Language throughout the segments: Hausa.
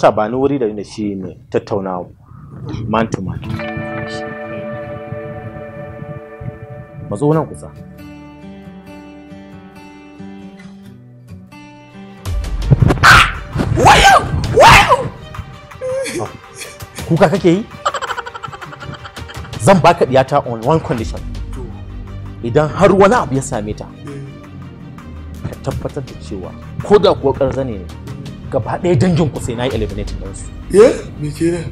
wata ba ni wuri da ni shi ne tattauna man to man mazo nan kusa wayo wayo oh. kuka kake yi zan baka diyata on one condition idan har wani abu ya same ta ka tabbatar da cewa ko da kuwa ƙarzane ne gaba ɗaya dangin ku sai na yi eliminate din su eh me kenan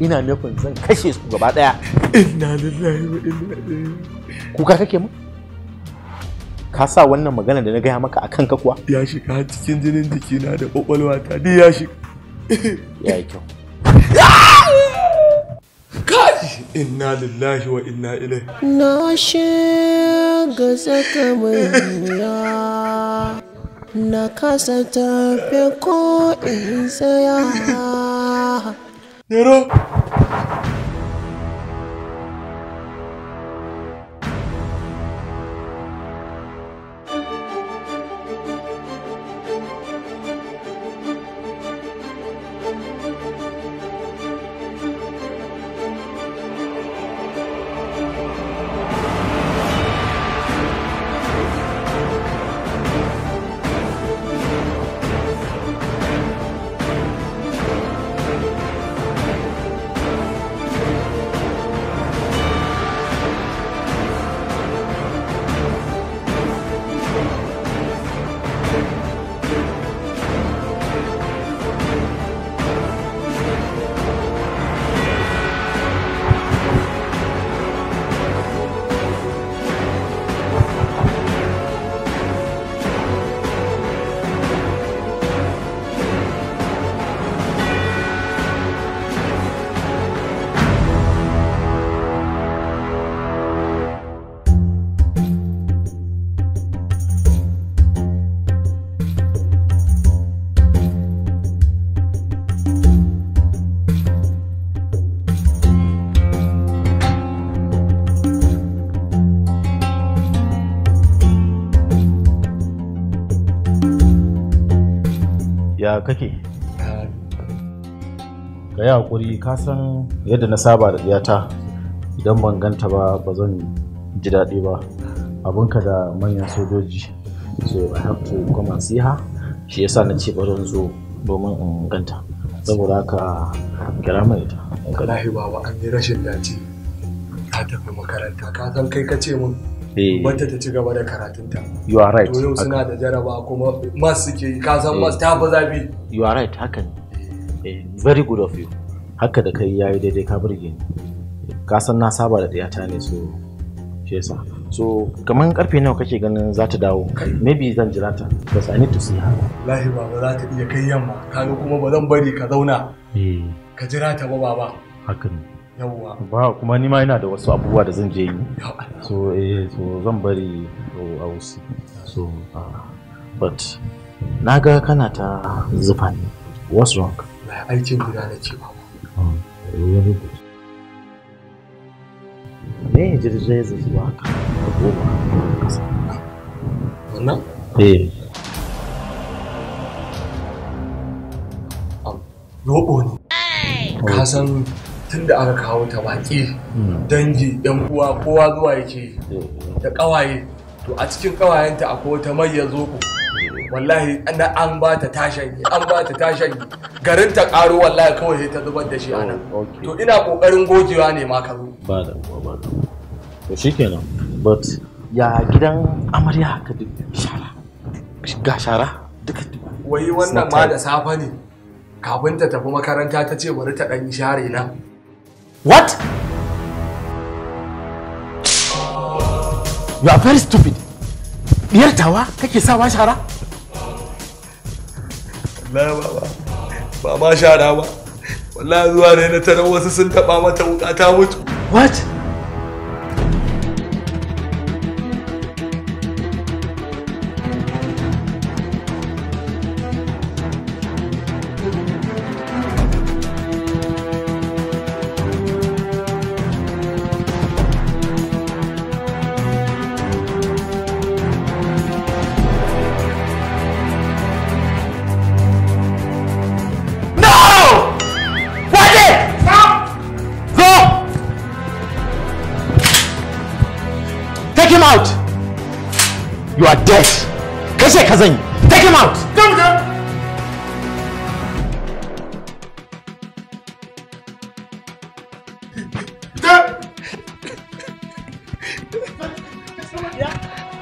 ina nufin zan kashe su gaba ɗaya inna lillahi wa inna ilaihi kuka kake mu ka sa wannan magana da na gaya maka akan ka kuwa ya shiga cikin jinin na da kwakwalwa ta duk ya shiga ya yi kyau kai inna lillahi wa inna ilaihi na shiga zaka mai na kasa tafe ko in tsaya. ya kake ka yi hakuri ka san yadda na saba da ɗiyata idan ban ganta ba ba zan ji daɗi ba abinka da manyan sojoji so i have to come and see her shi yasa na ce barin zo domin in ganta saboda haka kira mai ita wallahi baba an yi rashin dace ka tafi makaranta ka san kai ka ce mun bata eh. ta ci gaba da karatunta you are right to yau suna da jaraba kuma mas ke ka san mas ta fa zafi you are right haka ne eh, very good of you haka da kai yayi daidai ka burge ni ka san na saba da ɗiyata ne so shi yasa so kamar karfe nawa kake ganin za ta dawo maybe zan jira ta because i need to see her lahi baba za ta iya kai yamma kaga kuma ba zan bari ka zauna eh. ka jira ta ba baba haka ne yawwa ba kuma ni ma ina da wasu abubuwa da zan je yi so eh so zan bari a wasu so ah, but na ga kana ta zufa ne what's wrong cin gida na ce ba ah, eh, me ya jirgin ya zai zuwa ka da goma kasa wannan eh roƙo ne ka san tun da aka kawo ta baƙi hmm. dangi yan uwa kowa zuwa yake hmm. da ƙawaye to a cikin ƙawayenta akwai wata mayya ku wallahi ana an ba ta tashan an ba ta tashan garin ta ƙaro wallahi kawai sai ta zubar da shi a nan oh, to ina ƙoƙarin gogewa ne ma ka zo ba da ba da to shikenan but ya gidan amarya haka duk shara ga shara duka wai wannan ma da safa ne kafin ta tafi makaranta ta ce bari ta ɗan share na What? You are very stupid. Diyar tawa kake sawa shara? Na baba, ba ma shara ba. Wallahi zuwa ne na tarar wasu sun taɓa mata wuka ta mutu. What? are dead kashe ka take him out come down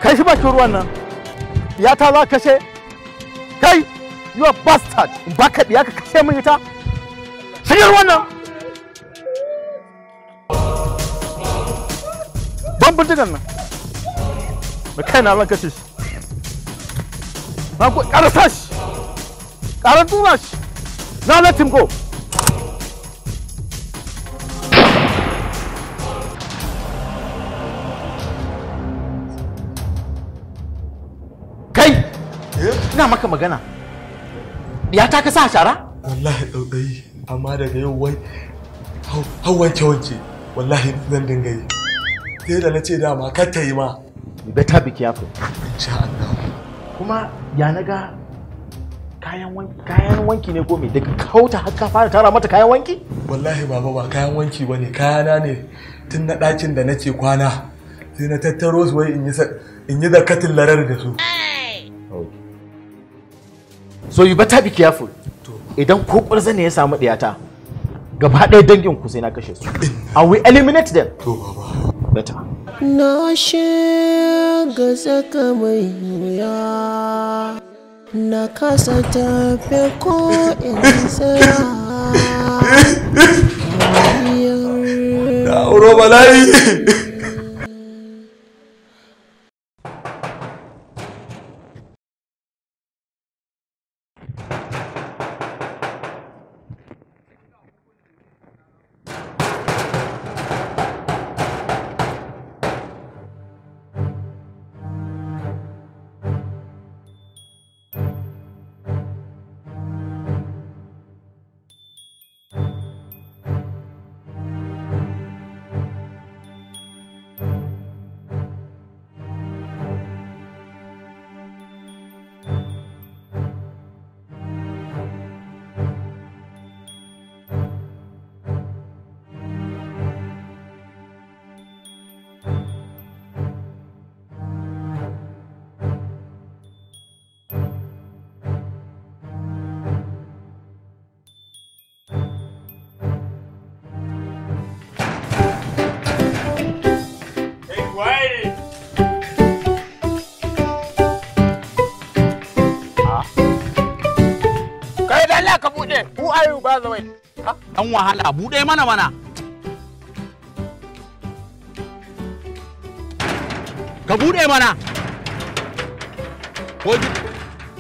kai shi bakin ruwan nan ya ta za kashe kai you are bastard ka kashe min ita shigar ruwan nan ban bindigan nan Kai na zan kashe shi na ku ƙara shi ƙara tura shi na na him go kai ina maka magana ya ta ka sa shara wallahi tsautsayi eh, eh, amma daga yau wai hau wanke wanke wallahi zan dinga yi sai da na ce dama ka ta yi ma you better be careful kuma ya naga kayan wanki kayan wanki ne gome me daga kauta har ka fara tara mata kayan wanki wallahi baba ba kayan wanki bane kayana ne tun na ɗakin da nake kwana sai na tattaro su wai in yi zakatin larar da su so you better be careful idan ko ƙwarza ne ya samu ɗiyata gaba ɗaya dangin ku sai na kashe su Are we eliminate them to baba better na shiga tsaka mai wuya na kasa tafe ko in na auro bala'i wahala ka bude who are you by the way dan wahala bude mana mana ka bude mana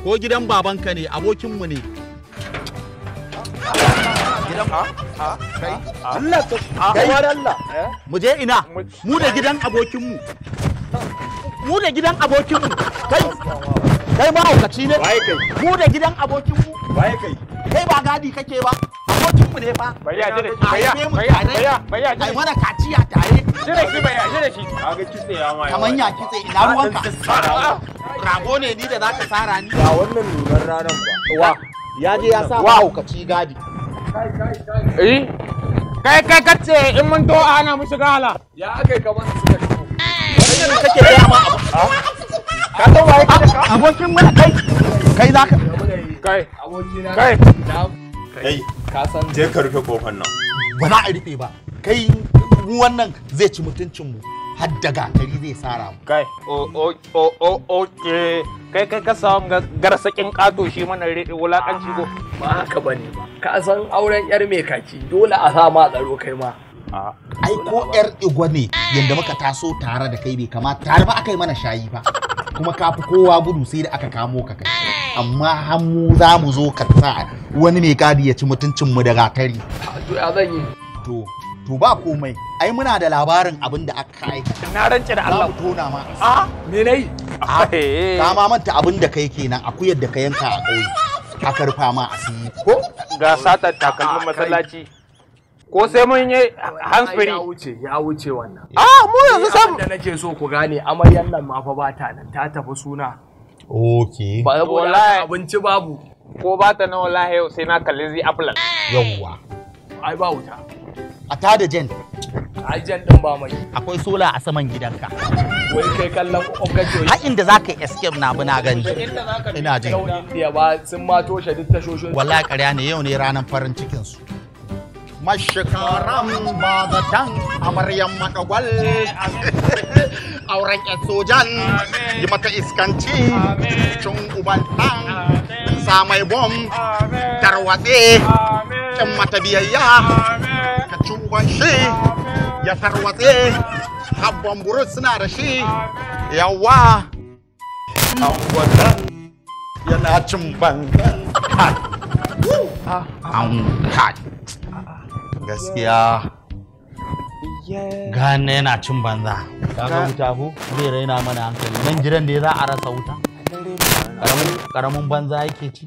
ko gidan babanka ne abokinmu ne eh? mu je ina mu da gidan abokinmu mu da gidan abokinmu kai kai ne mu da gidan abokinmu kai kai ba gadi kake ba abokin mu ne fa bayya jira shi bayya bayya bayya bayya ai mana kaciya tare jira shi bayya jira shi ga kitse ya mai kaman ya kitse ina ka rago ne ni da zaka sara ni ya wannan ranan ba wa ya je ya sa gadi kai kai eh kai kai kace in mun to ana mu shiga hala ya akai kaman suka kake ga ah. ka abokin kai kai zaka kai abokina kai kai ka san je ka rufe kofar nan ba za a rufe ba kai wannan zai ci mutuncin mu har daga gari zai sara mu kai o o o o kai kai ka samu garsakin kato shi mana wulakanci ko ba haka bane ba ka san auren yar mai kaki dole a sa ma tsaro kai ma ai ko yar igwa ne yadda muka taso tare da kai bai kamata tare ba aka yi mana shayi fa kuma ka fi kowa gudu sai da aka kamo ka kai amma hannu za mu zo ka sa wani mai gadi ya ci mutuncin mu da gatari to zan yi to to ba komai ai muna da labarin abin da aka kai na rance da Allah mu tona ma a ah, me nayi ah, ka ma manta abin da kai kenan akuyar da ka yanka a kai ka karfa ma asiri ko ga satar takalmin masallaci ko sai mun yi hansfiri. ya wuce ya wuce wannan ah mu yanzu sam da nake so ku gane amaryan nan ma fa ba ta nan ta tafi suna okay ba wallahi abinci babu ko ba ta nan wallahi sai na kalli zai apple yawwa ai ba wuta a ta da jen ai jen din ba mai akwai sola a saman gidanka wai kai kallon ogajo ha inda zaka escape na buna gani ina jin ya ba sun ma toshe duk tashoshin wallahi ƙarya ne yau ne ranar farin cikin su mashikaran ba dan, amaryan makagwal auren sojan yi mata iskanci cin uban ɗan samai bom tarwatse kin mata biyayya ka ci uban shi ya tarwatse habban burus suna da shi yawa yana cin bangan an gaskiya gane yana cin banza kaga wuta ko zai raina mana hankali nan gidan da za a rasa wuta karamin banza yake ci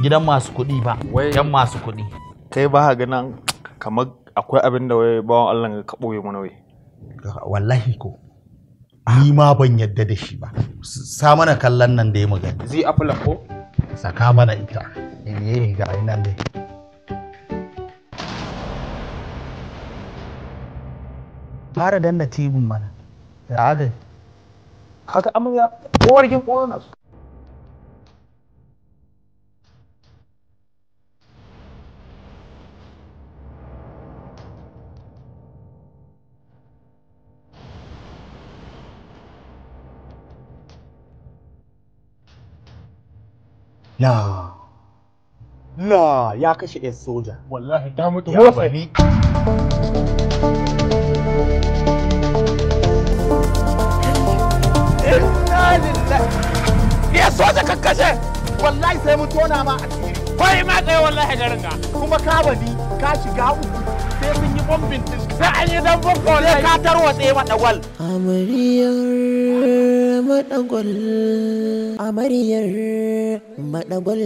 gidan masu kuɗi ba yan masu kuɗi kai ba ga nan kamar akwai abin da wai bawan Allah ga kaboye mana wai wallahi ko ni ma ban yadda da shi ba sa mana kallon nan da ya magana zai afla ko saka mana ita ne eh, ga nan dai fara danna tibin mana da adal haka amarya kowar kin kowar nasu La La ya kashe 'yan soja. Wallahi ta mutu. Ya ya so da kakkashe wallahi sai mun tona ma kai ma tsaye wallahi ga kuma ka bani ka shiga uku sai yi bombin sai an yi dan bombo sai ka tarwatse amariyar madagwal amariyar madagwal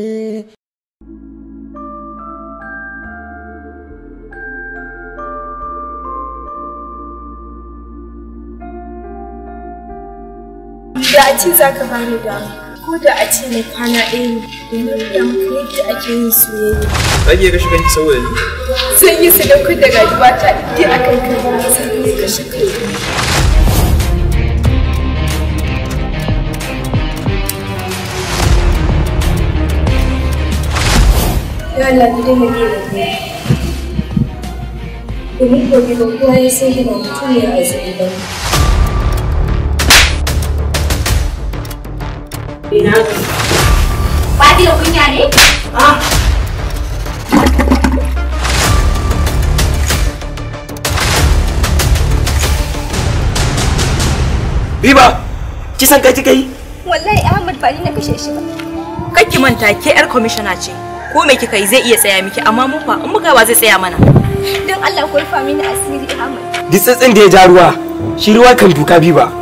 da a ce za ka bani da ko da a ce na kwana ɗaya ne domin da muka yadda ake yin soyayya. Za ki iya kashe kanki saboda ni? Zan yi sadaukar da rayuwa ta idan a kan kai ba zan iya kashe kanki. Ya Allah ki dai mai yi Domin gobe ba kowa ya san da mutum ya azumi ba. Ina ga. Ba da kunya ne? Ah. Biba, kisan kai kika yi? Wallahi Ahmad ba ni na kashe shi ba. Kakki manta ke yar commissioner ce. Ko me kika yi zai iya tsaya miki amma mu fa in muka ba zai tsaya mana. Dan Allah ko rufa mini asiri Ahmad. Ditsatsin da ya ja ruwa, shi ruwa kan duka Biba.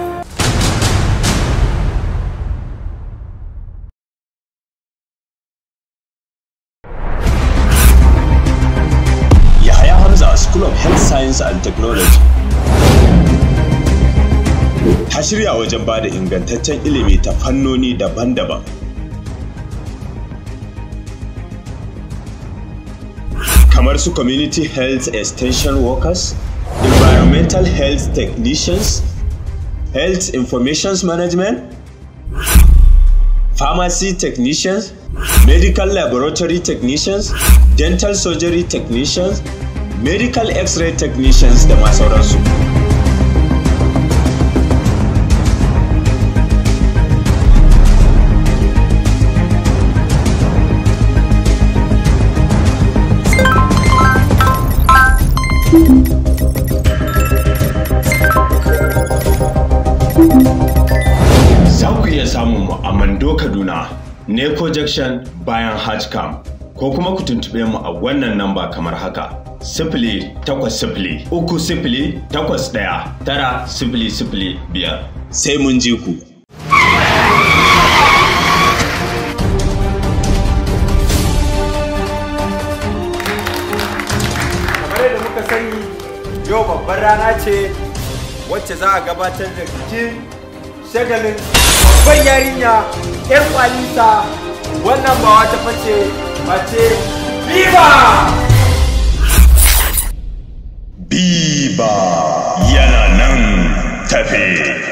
technology ta shirya wajen bada ingantaccen ilimi ta fannoni daban-daban kamar su community health extension workers environmental health technicians health information management pharmacy technicians medical laboratory technicians dental surgery technicians medical x-ray technicians da ma sauransu Mando Kaduna, Neko Junction bayan Hajj Camp, ko kuma ku tuntube mu a wannan namba kamar haka. sifili takwas sifili uku sifili takwas ɗaya tara sifili sifili biyar. Sai mun ji ku. Kamar da muka sani yau babbar rana ce wacce za a gabatar da bikin shagalin babban yarinya 'yan kwalita wannan ba wata face mace viva! Biba yana nan tafe.